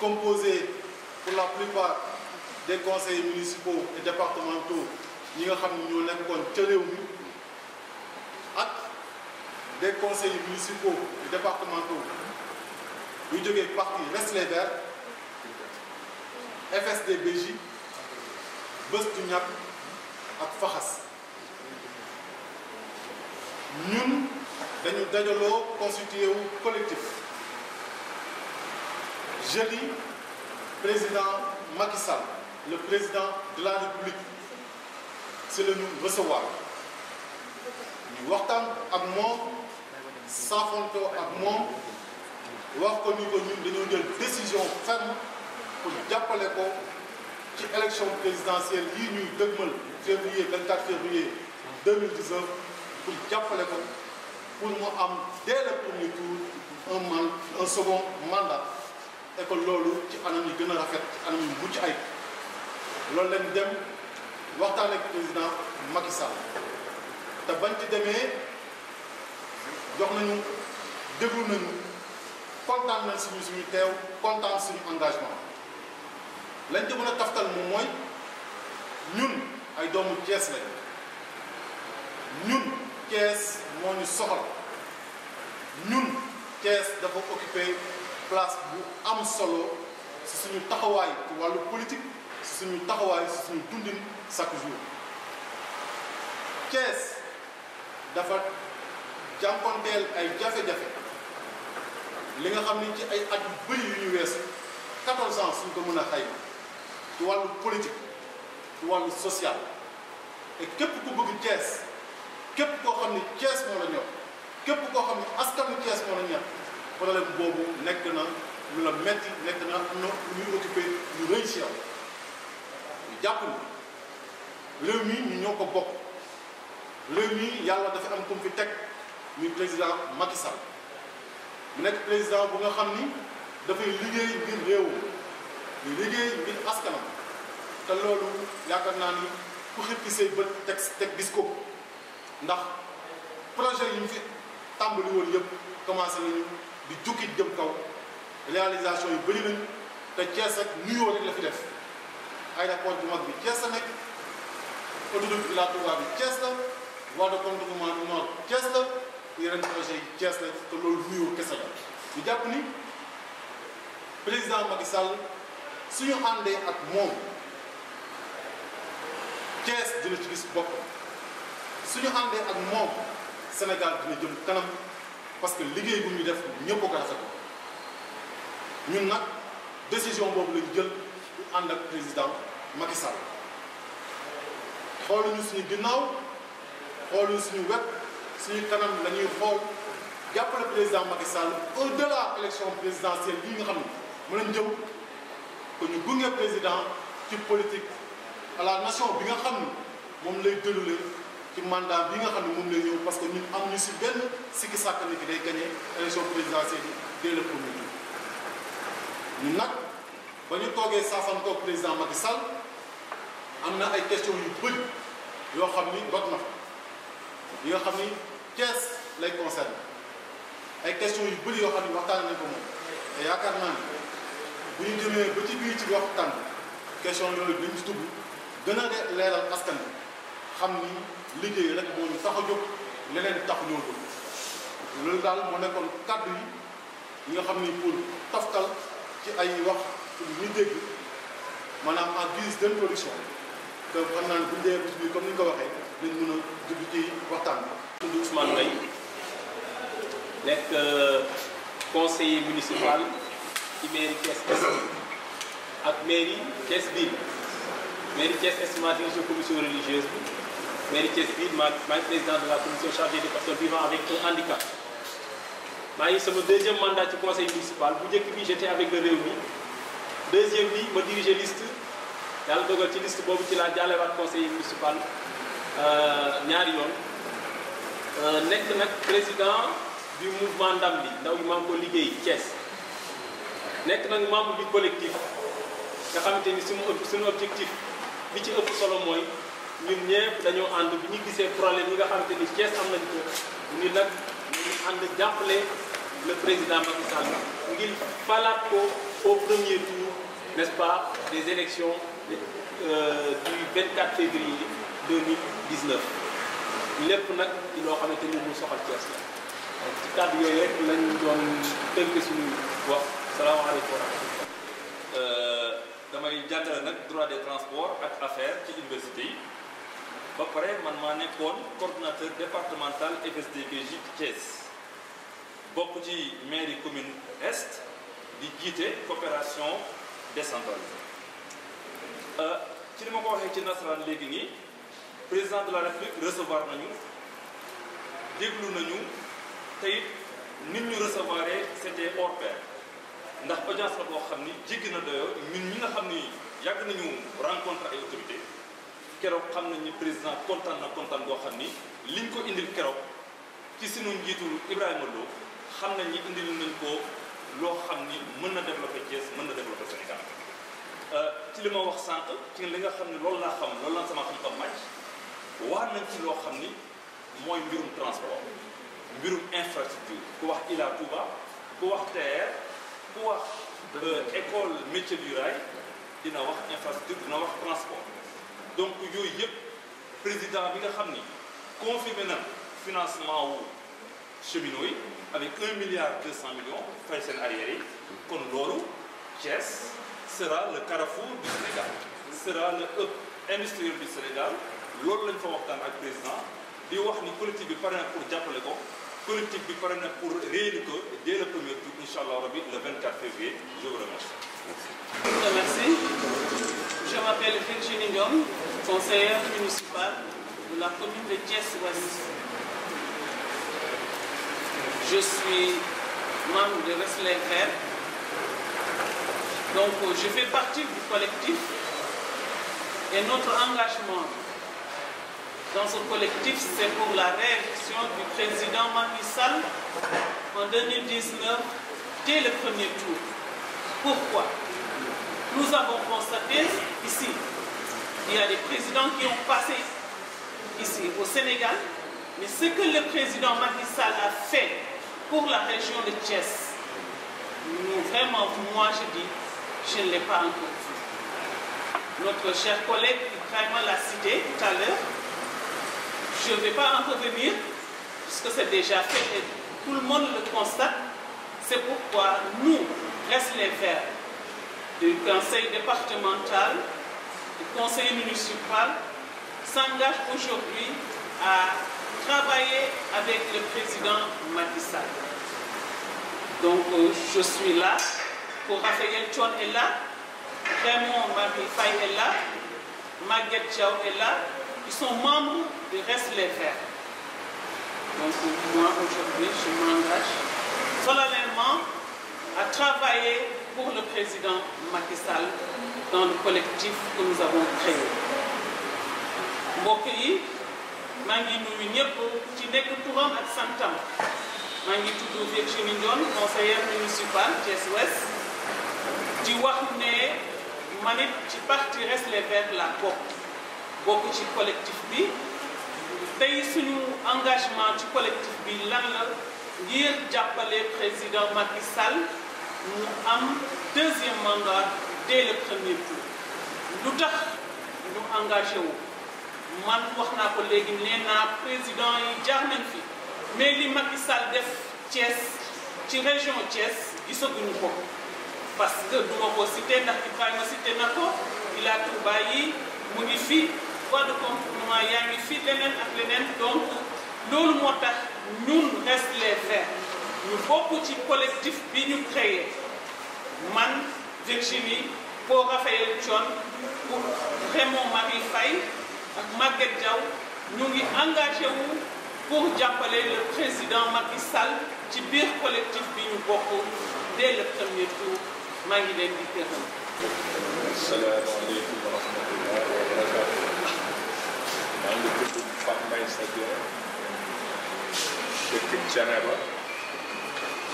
composé pour la plupart des conseils municipaux et départementaux ñi nga xam ne ñoo nekkoon ca mi ak des conseil municipaux et départementaux yu jógee parti Reste les Verts FSD/BJ Bës du Ñakk ak Faxas ñun dañu dajaloo constitué wu collectif jeudi président Macky Sall le président de la République si la ñu recevoir waxtaan ak moom saafontoo ak moom wax ko ni ko ñun dañoo jël décision ferme pour jàppale ko ci élection présidentielle yi ñuy dëgmal février 24 février 2019 pour jàppale ko pour mu am dès le premier tour un un second mandat te loolu ci anam yi gën a rafet ci anam yu mucc ayib loolu lañ dem waxtaan ak président Macky te bañ ci demee jox nañu déglu nañu kontaan nañ suñu suñu teew kontaan suñu engagement lañ ci mën a taftal moom mooy ñun ay doomu Thiès lañ ñun Thiès moo ñu soxal ñun Thiès dafa occupé place bu am solo suñu taxawaay ci wàllu politique suñu taxawaay si suñu dundin chaque jour Thiès dafa jànkonteel ay jafe-jafe li nga xam ni ci ay at yu bëri yu ñu weesu 14 ans suñ ko mën a xayma ci wàllu politique ci wàllu social te képp ku bëgg Thiès képp koo xam ni Thiès moo la ñor képp koo xam ni askanu cees moo la ñor. problème boobu nekk na lu la metti nekk na am na ñuy occupé ñu rëy si yow ñu jàpp ni réew mi ñu ñoo ko bokk réew mi yàlla dafa am comme fi teg muy président Macky Sall mu nekk président bu nga xam ni dafay liggéey ngir réew ñu liggéey ngir askanam te loolu yaakaar naa ni ku xippi say bët teg teg gis ko ndax projet yi ñu fi tàmbali woon yëpp commencé di jukki jëm kaw réalisation yu bëri nañ te Thiès ak nuyoo rek la fi def aéroport bu mag bi Thiès la nekk autoroute bi la Touba bi Thiès la voie de contournement du projet yi Thiès la te nuyoo kese la ñu jàpp ni président Macky Sall suñu àndee ak moom Thiès dina ci gis bopp suñu àndee ak moom Sénégal dina jëm kanam parce que liggéey bu ñu def ñëpp ko rafetlu ñun nag décision boobu lañu jël pour ànd ak président Macky Sall xooluñu suñu ginnaaw xooluñu suñu wet suñu kanam lañuy ñuy xool jàppale président Macky Sall au-delà élection présidentielle yi nga xam ne mën nañ jëm ko ñu gunge président ci politique à la nation bi nga xam ne moom lay déllulee. ci mandat bi nga xam ne moom lay ñëw parce que ñun amuñu si benn sikki sàkk ni ki day gagné élection présidentielle yi dès le premier tour nag ba ñu toogee saafan ko président Macky Sall am na ay question yu bëri yoo xam ni dot na fa xam ni Thiès lay concerne ay question yu bëri yoo xam ni waxtaan nañ ko moom yaakaar naa ni bu ñu demee ba ci biir ci waxtaan question yooyu dañ ci tudd gën a leeral askan bi xam ni liggéey rek moo ñu tax a jóg leneen tax ñoo jóg loolu daal moo nekkoon kàddu yi nga xam ni pour taftal ci ay wax pour ñu dégg maanaam en guise d'introduction te xam naa ne bu dee bis bi comme ni nga ko waxee nañ mën a dugg ci waxtaan bi. tudd Ousmane Mbaye nekk euh, conseiller municipal ci mairie Thiès Est ak mairie Thiès Ville mairie Thiès Est maa dirigé commission religieuse mairie bii ma maay président de la commission chargée des personnes vivant avec un handicap maa ngi sama deuxième mandat ci conseil municipal bu njëkk bi j'étais avec le Rewmi deuxième bi ma diriger liste yàlla dogal ci liste boobu ci laa jàllewaat conseil municipal euh, ñaari yoon euh, nekk nag président du mouvement ndam li ndaw yi maa ko liggéey Thiès nekk nag membre du collectif nga xamante ni suñu suñu objectif bi ci ëpp solo mooy ñun ñëpp dañoo ànd bi ñu gisee problème yi nga xam te ni Thiès am nañ ko ñu nag ñu ànd jàppale le président Macky Sall ngir falaat ko au premier tour n'est-ce pas des élections euh, du 24 février 2019 lépp nag ci loo xamante ni mu soxal Thiès la ci kàddu yooyu rek lañ doon tënk suñu wax salaamaaleykum wa rahmatulah. Euh, damay jàngale nag droit des transport ak affaires ci université yi. ba pare man maa nekkoon coordonnateur départemental FSDBJ Thiès bokk ci mairie commune est di jiite coopération décentralisée euh, ci li ko waxee ci nasaraan léegi nii président de la république recevoir nañu déglu nañu te it nit ñu recevoir c'était hors ndax audience la boo xam ni jéggi na doyoo ñun ñi nga xam ni yàgg nañu rencontre ay autorités keroog xam nañ ni président kontaan na kontaan boo xam ni liñ ko indil keroog ci sunu njiitu Ibrahima Lo xam nañ ni indil nañ ko loo xam ni mën na développer Thiès mën na développer Sénégal euh, ci li ma wax sànq ci li nga xam ni loolu laa xam loolu laa sama xam-xam màcc waar nañ ci loo xam ni mooy mbirum transport mbirum infrastructure ku wax Ila Touba ku wax TER ku wax euh, école métier du rail dina wax infrastructure dina wax transport donc yooyu yëpp président bi nga xam ni confirmé na financement wu cheminots yi avec un milliard deux cent millions fay seen arrière yi kon loolu Thiès sera le carrefour du Sénégal sera le hub industriel du Sénégal loolu lañ fa waxtaan ak président di wax ni collectif bi pare na pour jàppale ko collectif bi pare na pour réélire ko dès le premier tour incha allah rabi le 24 février je vous remercie. merci. je m'appelle Virginie Ngom. conseillère municipale de la commune de Thiès-Ouest. Je suis membre de Wrestling Donc je fais partie du collectif et notre engagement dans ce collectif, c'est pour la réélection du président Macky en dès le premier tour. Pourquoi Nous avons constaté ici Il y a des présidents qui ont passé ici au Sénégal, mais ce que le président Macky Sall a fait pour la région de Thiès, vraiment, moi je dis, je ne l'ai pas encore vu. Notre cher collègue Ibrahima l'a cité tout à l'heure. Je ne vais pas en revenir, puisque c'est déjà fait et tout le monde le constate. C'est pourquoi nous, reste les verts du conseil départemental, le conseil municipal s'engage aujourd'hui à travailler avec le président Macky Donc euh, je suis là pour Raphaël Tchon est là, Raymond Marie est là, Maguette Chao est là, de Reste les Verts. Donc moi aujourd'hui je m'engage solennellement à travailler pour le président Macky Sall dans le collectif que nous avons créé mbokk yi maa ngi nuyu ñëpp ci nekk turam ak santam maa ngi tudd Virginie Ndione conseillère municipale Thiès Ouest di wax ne man it ci parti Reste les la bokk bokk ci collectif bi tey suñu engagement ci collectif bi lan la ngir jàppale président Macky ñu am deuxième mandat dès le lu tax ñu engagé wu man wax naa ko léegi nee naa président yi jaar fi mais li Macky Sall def Thiès ci région Thiès gisaguñu ko parce que du ma ko cité ndax Ibrahima cité na ko Ila Touba yi mu ngi fi voie de contournement yaa ngi fi leneen ak leneen donc loolu moo tax ñun reste les verts ñu bokk ci collectif bi ñu créé man Virginie Paul Raphaël Thion pour Raymond Marie Faye ak Maguette Diaw ñu ngi engagé wu pour jàppale le président Macky Sall ci biir collectif bi ñu bokk dès le premier tour maa ngi leen di gërëm.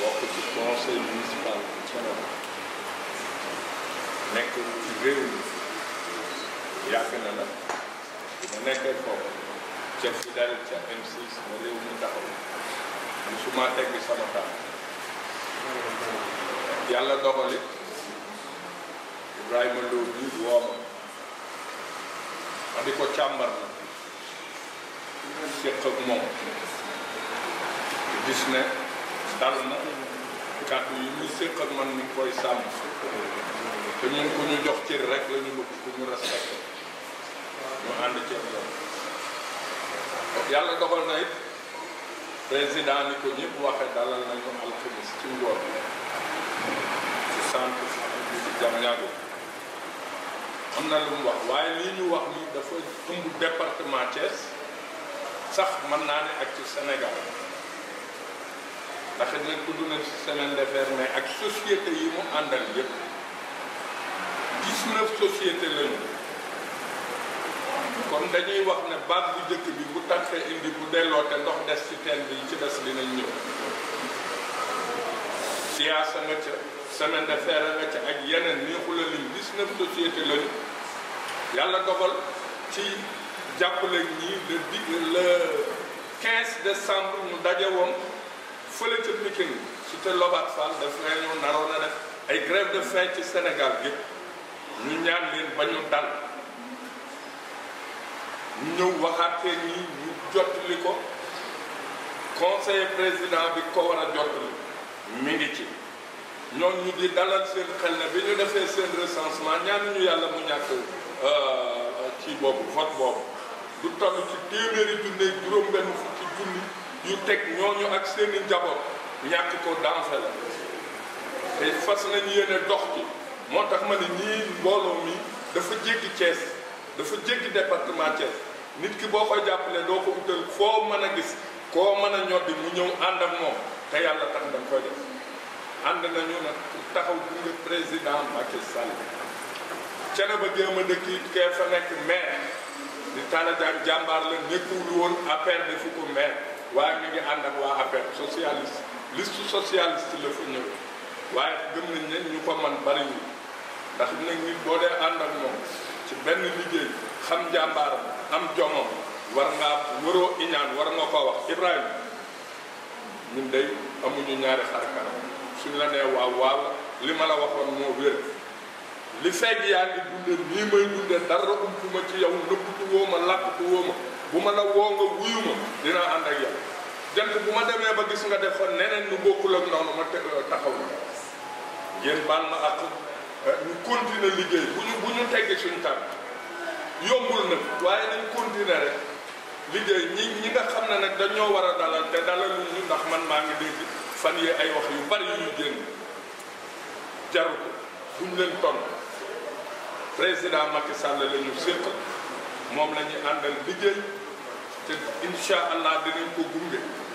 bokk ci conseil municipal bu Thiénaba nekk ci réew mi yàgg na nag ma nekkee foofu ca fi dal ca M6 ma réew mi taxaw musuma tegg sama tànk yàlla doxali Ibrahima Lo bi woo ma ma di ko càmbar na séq ak moom gis ne dal na kàddu yi muy séq man mi ngi koy sàmm ko ñun ñu jox cër rek la ñu bëgg ku ñu respecté ñu ànd ci ak yàlla dogal na it président ni ko ñëpp waxee dalal nañu alxames ci ngoon ci centre bi ci Diamniadio am na lu mu wax waaye lii ñu wax nii dafa ëmb département Thiès sax mën naa ne ak ci Sénégal ndax nit ku duna semaine de ferme mais ak société yi mu àndal yëpp dix-neuf société lañu kon dañuy wax ne baat bu jëkk bi bu taxee indi bu delloo te ndox des ci teen bi yi ci des dinañ ñëw siyaasa nga ca semaine de fer nga ca ak yeneen néexu la lim dix-neuf société lañu yàlla dogal ci jàppale ñi le di le quinze décembre mu daje fële ca Pikine su te Lobatt Fall daf réunion naroon na def ay grève de faim ci Sénégal gi ñu ñaan leen ba ñu dal ñu ñëw waxaatee ñi ñu jot li ko conseil président bi ko war a jot li mi ngi ci ñoom ñu di dalal seen xel ne bi ñu defee seen recensement ñaanuñu yàlla mu ñàkk euh, ci boobu vote boobu du toll ci téeméeri junni juróom benn fukki junni ñu teg ñooñu ak seeni njaboot ñàkk ko dansé la te fas nañ yéene dox bi moo tax ma ni ñii mbooloo mi dafa jékki cees dafa jéggi département Thiès nit ki boo koy jàppale doo ko utal foo mën a gis koo mën a ñoddi mu ñëw ànd ak moom te yàlla tax dañ koy def ànd nañu nag taxaw gunge président Macky Sall cene ba jéem a dëkk kee fa nekk maire di Talla Diagne jàmbaar la nekkul woon affaire defu ko maire waaye mi ngi ànd ak waa affaire socialiste list socialiste la fa ñëwee waaye gëm nañ ne ñu ko man bariwul ndax nag nit boo dee ànd ak moom ci benn liggéey xam jàmbaaram am jomam war ngaa waroo iñaan war nga ko wax Ibrahima ñun day amuñu ñaari xar kanam suñ la nee waaw waaw li ma la waxoon moo wér li fekk yaa ngi nii may dunde dara umpuma ci yow nëbbutu woo ma làkkutu woo ma bu ma la woo nga wuyu ma dinaa ànd ak yow jant bu ma demee ba gis nga def fa neneen nu bokkul ak noonu ma euh, taxaw na ngeen baal ma ak euh, ñu continuer liggéey bu ñu bu ñu tegg suñu tànk yombul nag waaye nañ continuer rek liggéey ñi ñi nga xam ne nag dañoo war a dalal te dalalu ndax man maa ngi dégg fan yee ay wax yu bari yu ñu génn jaru ko duñ leen tontu président Macky Sall la ñu séq moom la ñu àndal liggéey te incha allah dinañ ko gunge.